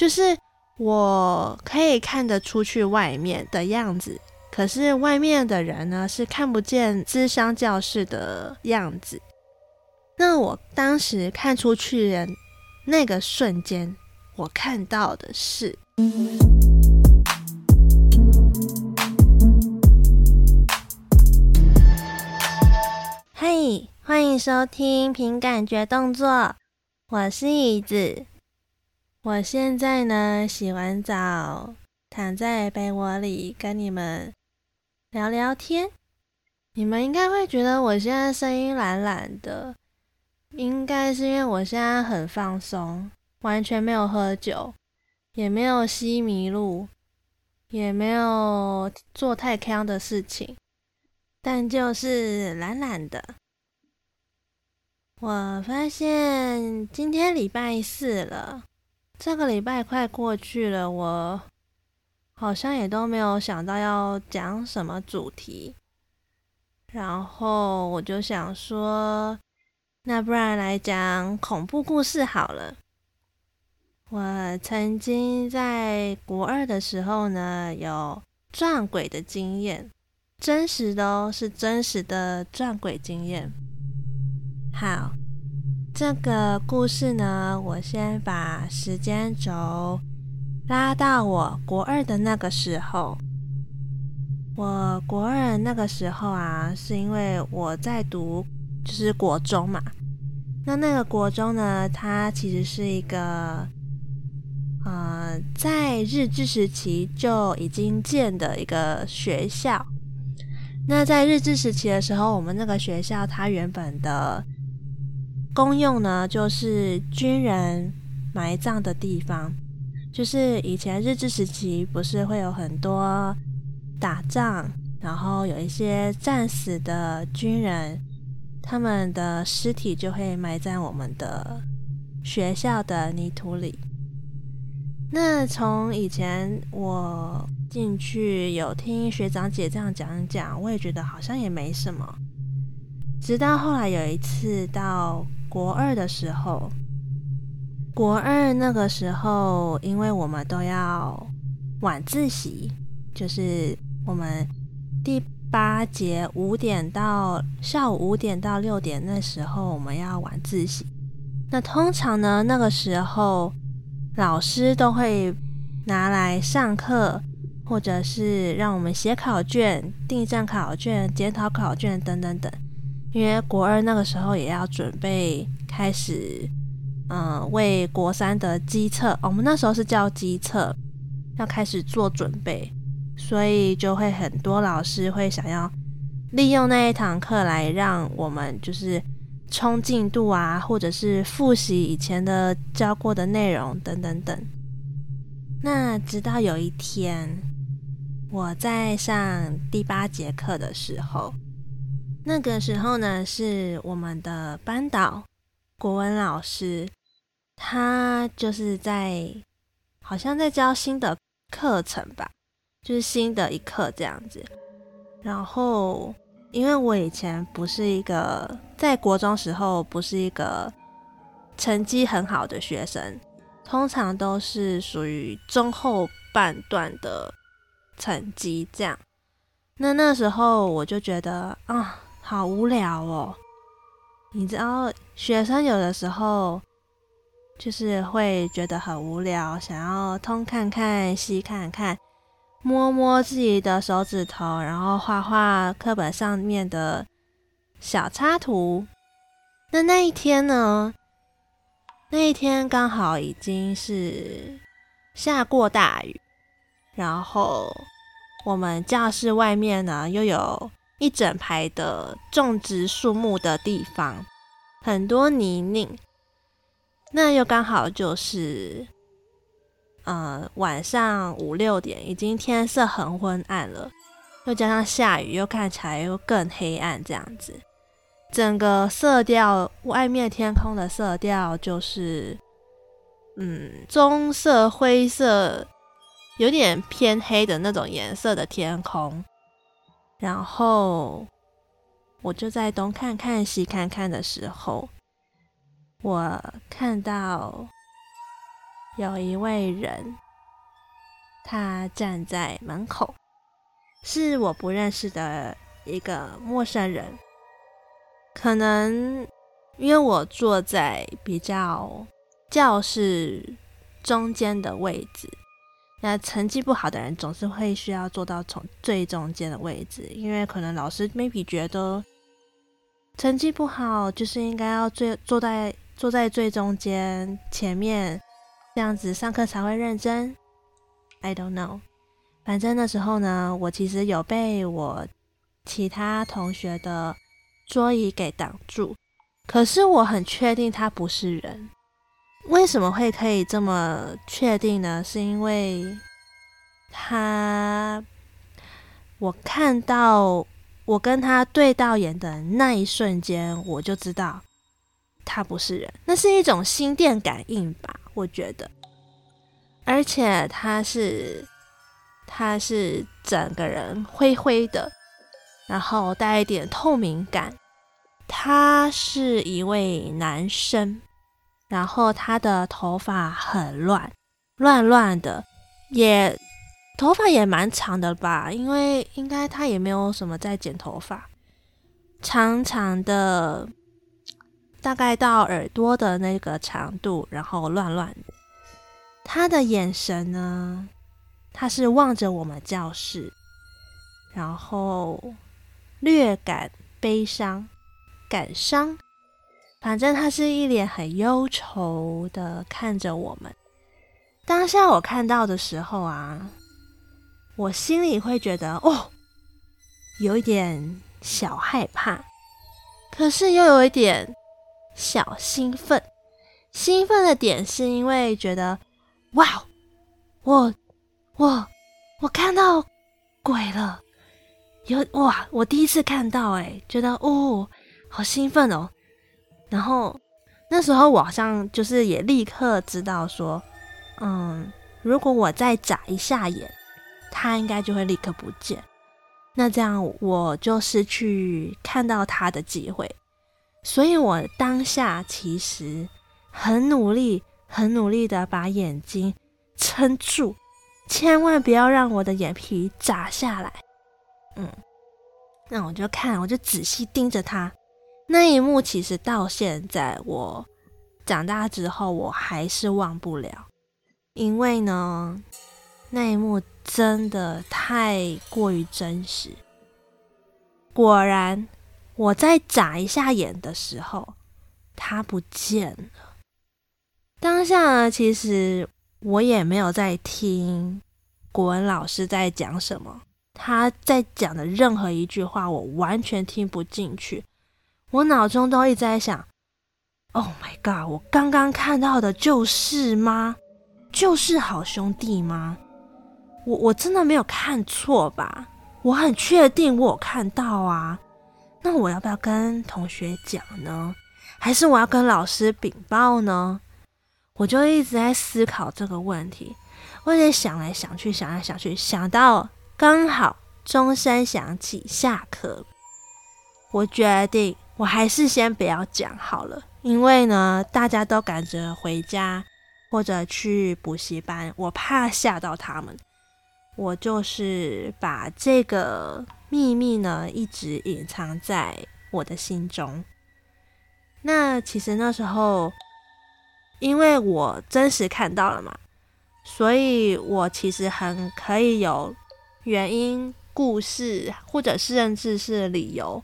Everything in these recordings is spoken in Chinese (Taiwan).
就是我可以看得出去外面的樣子，可是外面的人呢，是看不見諮商教室的樣子。那我當時看出去人那個瞬間，我看到的是：嘿，hey，歡迎收聽憑感覺動作，我是椅子。我現在呢，洗完澡，躺在被窩裡跟你們聊聊天。你們應該會覺得我現在聲音懶懶的，應該是因為我現在很放鬆，完全沒有喝酒，也沒有吸迷路，也沒有做太坑的事情，但就是懶懶的。我發現今天禮拜四了。這個禮拜快過去了，我好像也都沒有想到要講什麼主題，然後我就想說，那不然來講恐怖故事好了。我曾經在國二的時候呢，有撞鬼的經驗，真實的哦，是真實的撞鬼經驗。好。這個故事呢，我先把時間軸拉到我國二的那個時候。我國二那個時候啊，是因為我在讀就是國中嘛。那那個國中呢，它其實是一個呃，在日治時期就已經建的一個學校。那在日治時期的時候，我們那個學校它原本的。功用呢，就是軍人埋葬的地方。就是以前日治時期，不是會有很多打仗，然後有一些戰死的軍人，他們的屍體就會埋在我們的學校的泥土裡。那從以前我進去有聽學長姐這樣講一講，我也覺得好像也沒什麼。直到後來有一次到。國二的時候，國二那個時候，因為我們都要晚自習，就是我們第八節五點到下午五點到六點那時候我們要晚自習。那通常呢，那個時候老師都會拿來上課，或者是讓我們寫考卷、訂正考卷、檢討考卷等等等。因為國二那個時候也要準備開始，嗯，為國三的基測，哦，我們那時候是叫基測，要開始做準備，所以就會很多老師會想要利用那一堂課來讓我們就是衝進度啊，或者是複習以前的教過的內容等等等。那直到有一天，我在上第八節課的時候。那個時候呢，是我們的班導，國文老師，他就是在好像在教新的課程吧，就是新的一課這樣子。然後，因為我以前不是一個在國中時候不是一個成績很好的學生，通常都是屬於中後半段的成績這樣。那那時候我就覺得啊。好無聊哦！你知道學生有的時候就是會覺得很無聊，想要東看看、西看看，摸摸自己的手指頭，然後畫畫課本上面的小插圖。那那一天呢，那一天剛好已經是下過大雨，然後我們教室外面呢又有。一整排的種植樹木的地方，很多泥濘。那又剛好就是，嗯、呃，晚上五六點，已經天色很昏暗了，又加上下雨，又看起來又更黑暗這樣子。整個色調，外面天空的色調就是，嗯，棕色、灰色，有點偏黑的那種顏色的天空。然後，我就在東看看西看看的時候，我看到有一位人，他站在門口，是我不認識的一個陌生人。可能因為我坐在比較教室中間的位置。那成績不好的人總是會需要坐到從最中間的位置，因為可能老師 maybe 覺得成績不好就是應該要最坐在坐在最中間前面，這樣子上課才會認真。I don't know。反正那時候呢，我其實有被我其他同學的桌椅給擋住，可是我很確定他不是人。為什麼會可以這麼確定呢？是因為他，我看到我跟他對到眼的那一瞬間，我就知道他不是人，那是一種心電感應吧，我覺得。而且他是，他是整個人灰灰的，然後帶一點透明感。他是一位男生。然後他的頭髮很亂，亂亂的，也頭髮也蠻長的吧，因為應該他也沒有什麼在剪頭髮，長長的，大概到耳朵的那個長度，然後亂亂的。他的眼神呢，他是望着我們教室，然後略感悲傷、感傷。反正他是一臉很憂愁的看着我們。當下我看到的時候啊，我心裡會覺得哦，有一點小害怕，可是又有一點小興奮。興奮的點是因為覺得哇，我我我看到鬼了，有哇！我第一次看到欸，誒，覺得哦，好興奮哦。然後那時候我好像就是也立刻知道說，嗯，如果我再眨一下眼，他應該就會立刻不見。那這樣我就失去看到他的機會。所以我當下其實很努力、很努力的把眼睛撐住，千萬不要讓我的眼皮眨下來。嗯，那我就看，我就仔細盯着他。那一幕其實到現在，我長大之後我還是忘不了，因為呢，那一幕真的太過於真實。果然，我再眨一下眼的時候，他不見了。當下呢，其實我也沒有在聽國文老師在講什麼，他在講的任何一句話，我完全聽不進去。我腦中都一直在想：“Oh my god！我剛剛看到的就是嗎？就是好兄弟嗎？我我真的沒有看錯吧？我很確定我有看到啊。那我要不要跟同學講呢？還是我要跟老師稟報呢？我就一直在思考這個問題，我也想來想去，想來想去，想到剛好鐘聲響起，下課。我決定。我還是先不要講好了，因為呢，大家都趕着回家或者去補習班，我怕嚇到他們。我就是把這個秘密呢，一直隱藏在我的心中。那其實那時候，因為我真實看到了嘛，所以我其實很可以有原因、故事或者是認知上的理由，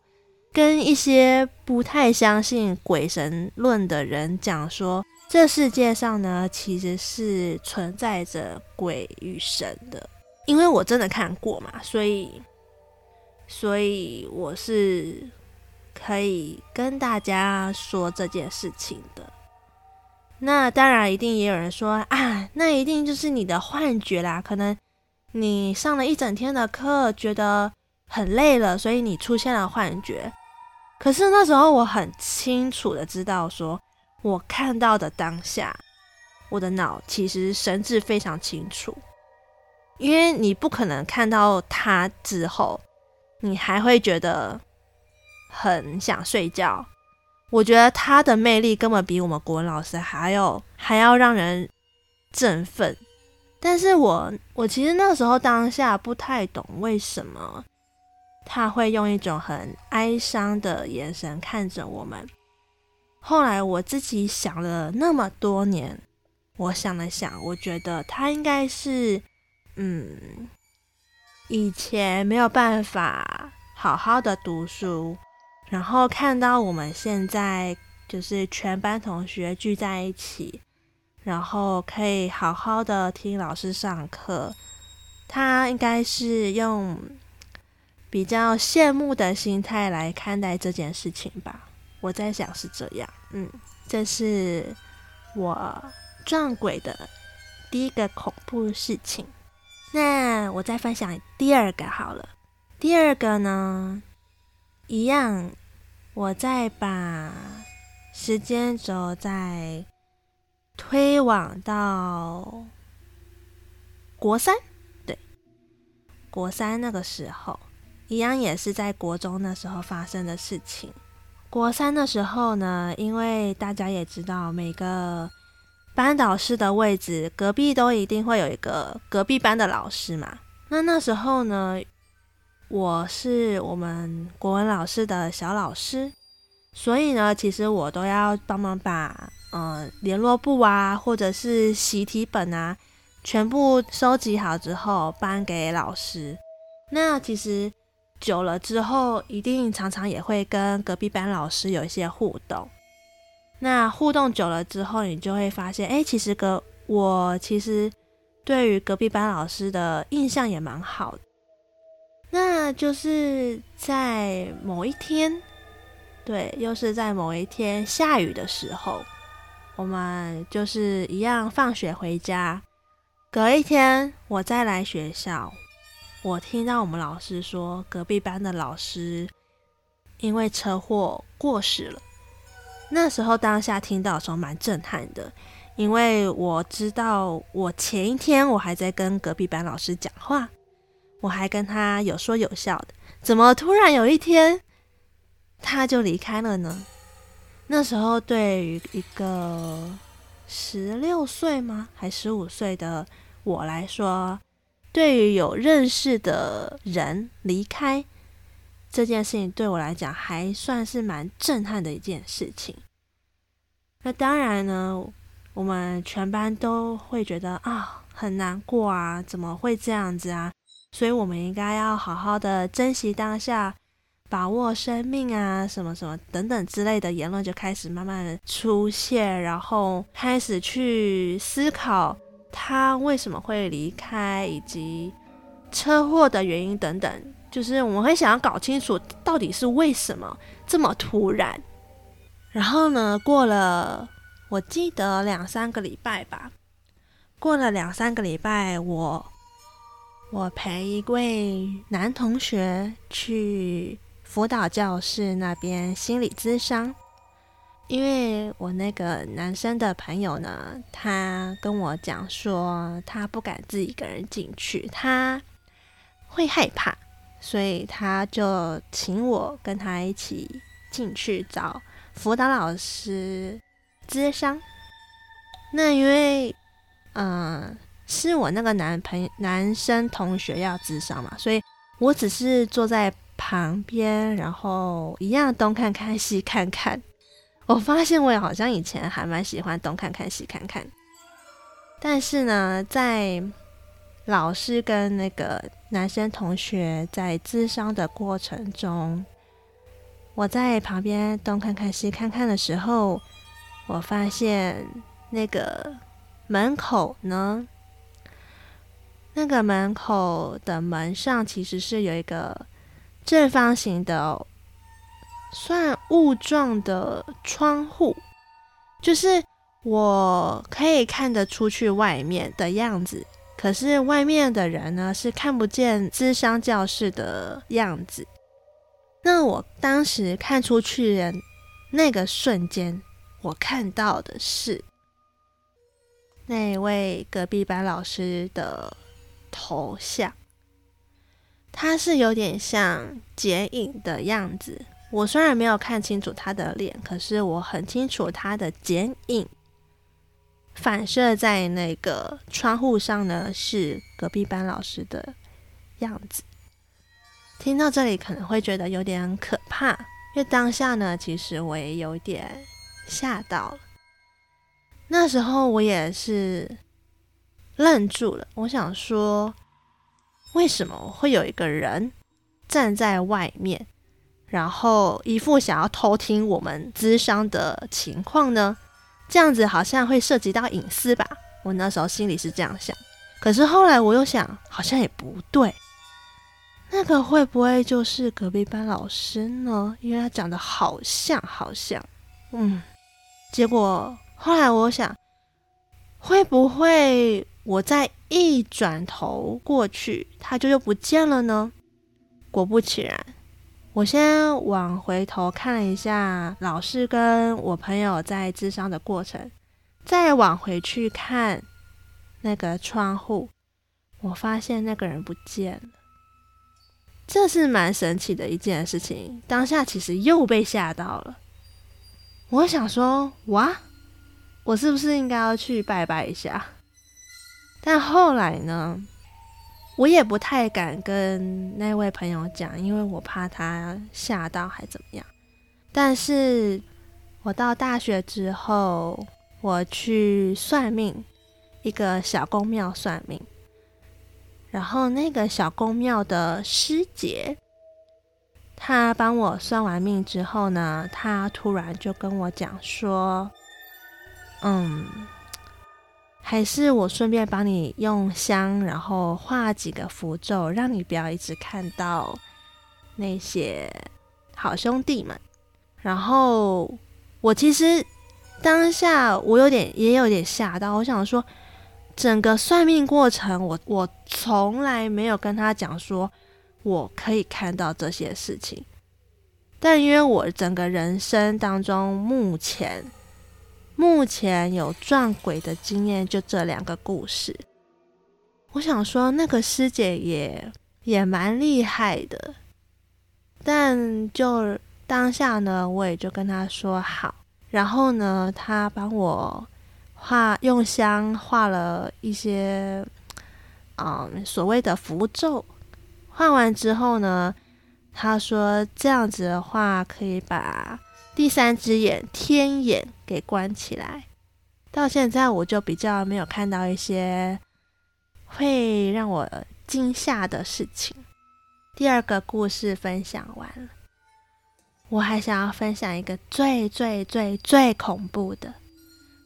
跟一些不太相信鬼神論的人講說，這世界上呢，其實是存在着鬼與神的，因為我真的看過嘛，所以，所以我是可以跟大家說這件事情的。那當然，一定也有人說啊，那一定就是你的幻覺啦，可能你上了一整天的課，覺得很累了，所以你出現了幻覺。可是那時候我很清楚的知道說，說我看到的當下，我的腦其實神智非常清楚，因為你不可能看到他之後，你還會覺得很想睡覺。我覺得他的魅力根本比我們國文老師還有還要讓人振奮，但是我我其實那時候當下不太懂為什麼。他會用一種很哀傷的眼神看着我們。後來我自己想了那麼多年，我想了想，我覺得他應該是，嗯，以前沒有辦法好好的讀書，然後看到我們現在就是全班同學聚在一起，然後可以好好的聽老師上課。他應該是用。比較羨慕的心態來看待這件事情吧，我在想是這樣，嗯，這是我撞鬼的第一個恐怖事情。那我再分享第二個好了，第二個呢，一樣，我再把時間軸再推往到國三，對，國三那個時候。一樣也是在國中那時候發生的事情。國三的時候呢，因為大家也知道每個班導師的位置，隔壁都一定會有一個隔壁班的老師嘛。那那時候呢，我是我們國文老師的小老師，所以呢，其實我都要幫忙把嗯、呃、聯絡簿啊，或者是習題本啊，全部收集好之後搬給老師。那其實。久了之後，一定常常也會跟隔壁班老師有一些互動。那互動久了之後，你就會發現，欸，其實隔我其實對於隔壁班老師的印象也蠻好的。那就是在某一天，對，又是在某一天下雨的時候，我們就是一樣放學回家。隔一天，我再來學校。我聽到我們老師說，隔壁班的老師因為車禍過世了。那時候當下聽到的時候蠻震撼的，因為我知道我前一天我還在跟隔壁班老師講話，我還跟他有說有笑的，怎麼突然有一天他就離開了呢？那時候對於一個十六歲嗎，還十五歲的我來說。對於有認識的人離開，這件事情對我來講還算是蠻震撼的一件事情。那當然呢，我們全班都會覺得啊很難過啊，怎麼會這樣子啊？所以我們應該要好好的珍惜當下，把握生命啊，什麼什麼等等之類的言論就開始慢慢的出現，然後開始去思考。他為什麼會離開，以及車禍的原因等等，就是我們會想要搞清楚到底是為什麼這麼突然。然後呢，過了我記得兩三個禮拜吧，過了兩三個禮拜，我我陪一位男同學去輔導教室那邊心理諮商。因為我那個男生的朋友呢，他跟我講說，他不敢自己一個人進去，他會害怕，所以他就請我跟他一起進去找輔導老師谘商。那因為，嗯、呃，是我那個男朋友，男生同學要谘商嘛，所以我只是坐在旁邊，然後一樣東看看西看看。我發現我也好像以前還蠻喜歡東看看西看看，但是呢，在老師跟那個男生同學在諮商的過程中，我在旁邊東看看西看看的時候，我發現那個門口呢，那個門口的門上其實是有一個正方形的。算霧狀的窗戶，就是我可以看得出去外面的樣子。可是外面的人呢，是看不見諮商教室的樣子。那我當時看出去人那個瞬間，我看到的是那位隔壁班老師的頭像，他是有點像剪影的樣子。我雖然沒有看清楚他的臉，可是我很清楚他的剪影反射在那個窗戶上呢，是隔壁班老師的樣子。聽到這裡可能會覺得有點可怕，因為當下呢，其實我也有點嚇到了。那時候我也是愣住了，我想說，為什麼會有一個人站在外面？然後一副想要偷聽我們諮商的情況呢，這樣子好像會涉及到隱私吧？我那時候心裡是這樣想，可是後來我又想，好像也不對。那個會不會就是隔壁班老師呢？因為他長得好像，好像，嗯。結果後來我想，會不會我再一轉頭過去，他就又不見了呢？果不其然。我先往回頭看了一下，老師跟我朋友在諮商的過程，再往回去看那個窗戶，我發現那個人不見了。這是蠻神奇的一件事情。當下其實又被嚇到了，我想說，哇，我是不是應該要去拜拜一下？但後來呢？我也不太敢跟那位朋友講，因為我怕他嚇到還怎麼樣。但是我到大學之後，我去算命，一個小宮廟算命，然後那個小宮廟的師姐，她幫我算完命之後呢，她突然就跟我講說，嗯。還是我順便幫你用香，然後畫幾個符咒，讓你不要一直看到那些好兄弟們。然後我其實當下我有點也有點嚇到，我想說整個算命過程，我我從來沒有跟他講說我可以看到這些事情，但因為我整個人生當中目前。目前有撞鬼的經驗就這兩個故事，我想說那個師姐也也蠻厲害的，但就當下呢，我也就跟她說好，然後呢，她幫我畫用香畫了一些嗯，所謂的符咒，畫完之後呢，她說這樣子的話可以把。第三隻眼天眼給關起來，到現在我就比較沒有看到一些會讓我驚嚇的事情。第二個故事分享完了，我還想要分享一個最最最最恐怖的，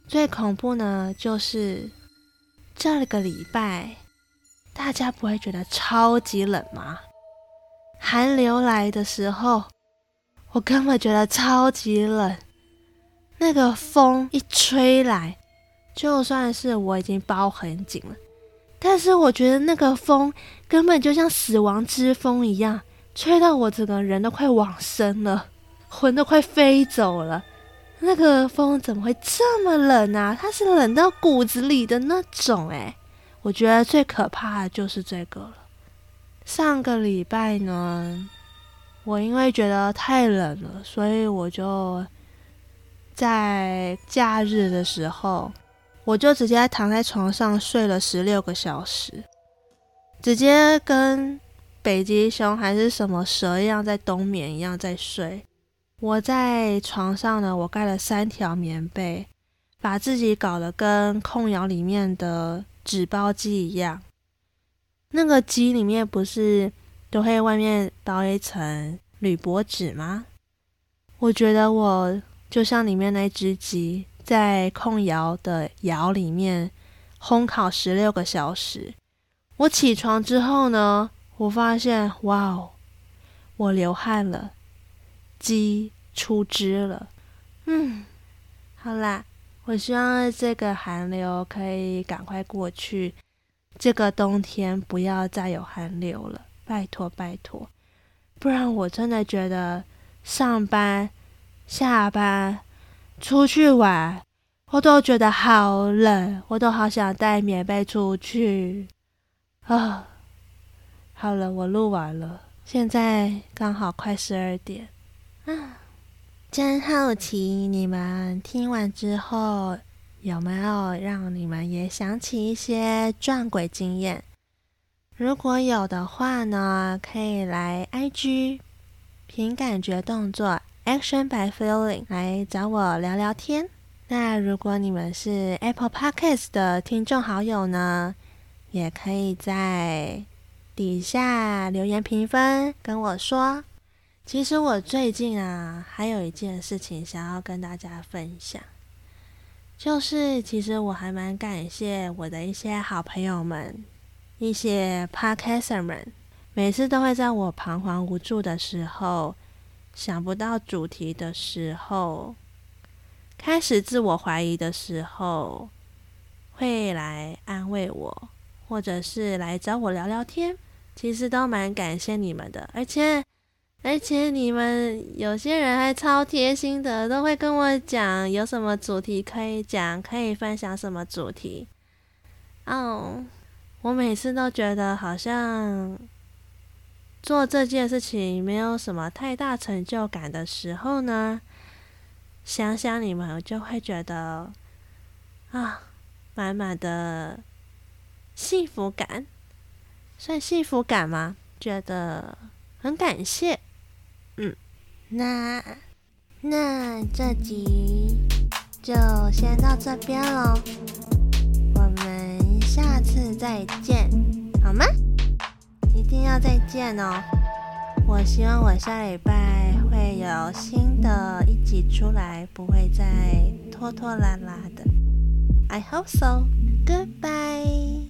最恐怖呢，就是這個禮拜大家不會覺得超級冷嗎？寒流來的時候。我根本覺得超級冷，那個風一吹來，就算是我已經包很緊了，但是我覺得那個風根本就像死亡之風一樣，吹到我整個人都快往生了，魂都快飛走了。那個風怎麼會這麼冷啊？它是冷到骨子裡的那種誒、欸，我覺得最可怕的就是這個了。上個禮拜呢。我因為覺得太冷了，所以我就在假日的時候，我就直接躺在床上睡了十六個小時，直接跟北極熊還是什麼蛇一樣在冬眠一樣在睡。我在床上呢，我蓋了三條棉被，把自己搞得跟焢窯裡面的紙包雞一樣。那個雞裡面不是。都會外面包一層鋁箔紙嗎？我覺得我就像裡面那隻雞，在控窑的窑裡面烘烤十六個小時。我起床之後呢，我發現哇哦，我流汗了，雞出汁了。嗯，好啦，我希望這個寒流可以趕快過去，這個冬天不要再有寒流了。拜託拜託，不然我真的覺得上班、下班、出去玩，我都覺得好冷，我都好想帶棉被出去。啊、哦，好了，我錄完了，現在剛好快十二點。啊，真好奇你們聽完之後有沒有讓你們也想起一些撞鬼經驗？如果有的話呢，可以來 IG 憑感覺動作 Action by Feeling 來找我聊聊天。那如果你們是 Apple Podcast 的聽眾好友呢，也可以在底下留言評分跟我說。其實我最近啊，還有一件事情想要跟大家分享，就是其實我還蠻感謝我的一些好朋友們。一些 Podcaster 們，每次都會在我彷徨無助的時候、想不到主題的時候、開始自我懷疑的時候，會來安慰我，或者是來找我聊聊天。其實都蠻感謝你們的，而且而且你們有些人還超貼心的，都會跟我講有什麼主題可以講，可以分享什麼主題哦。Oh, 我每次都覺得好像做這件事情沒有什麼太大成就感的時候呢，想想你們我就會覺得啊，滿滿的幸福感，算幸福感嗎？覺得很感謝，嗯，那那這集就先到這邊嘍。下次再見，好嗎？一定要再見哦！我希望我下禮拜會有新的一集出來，不會再拖拖拉拉的。I hope so. Goodbye.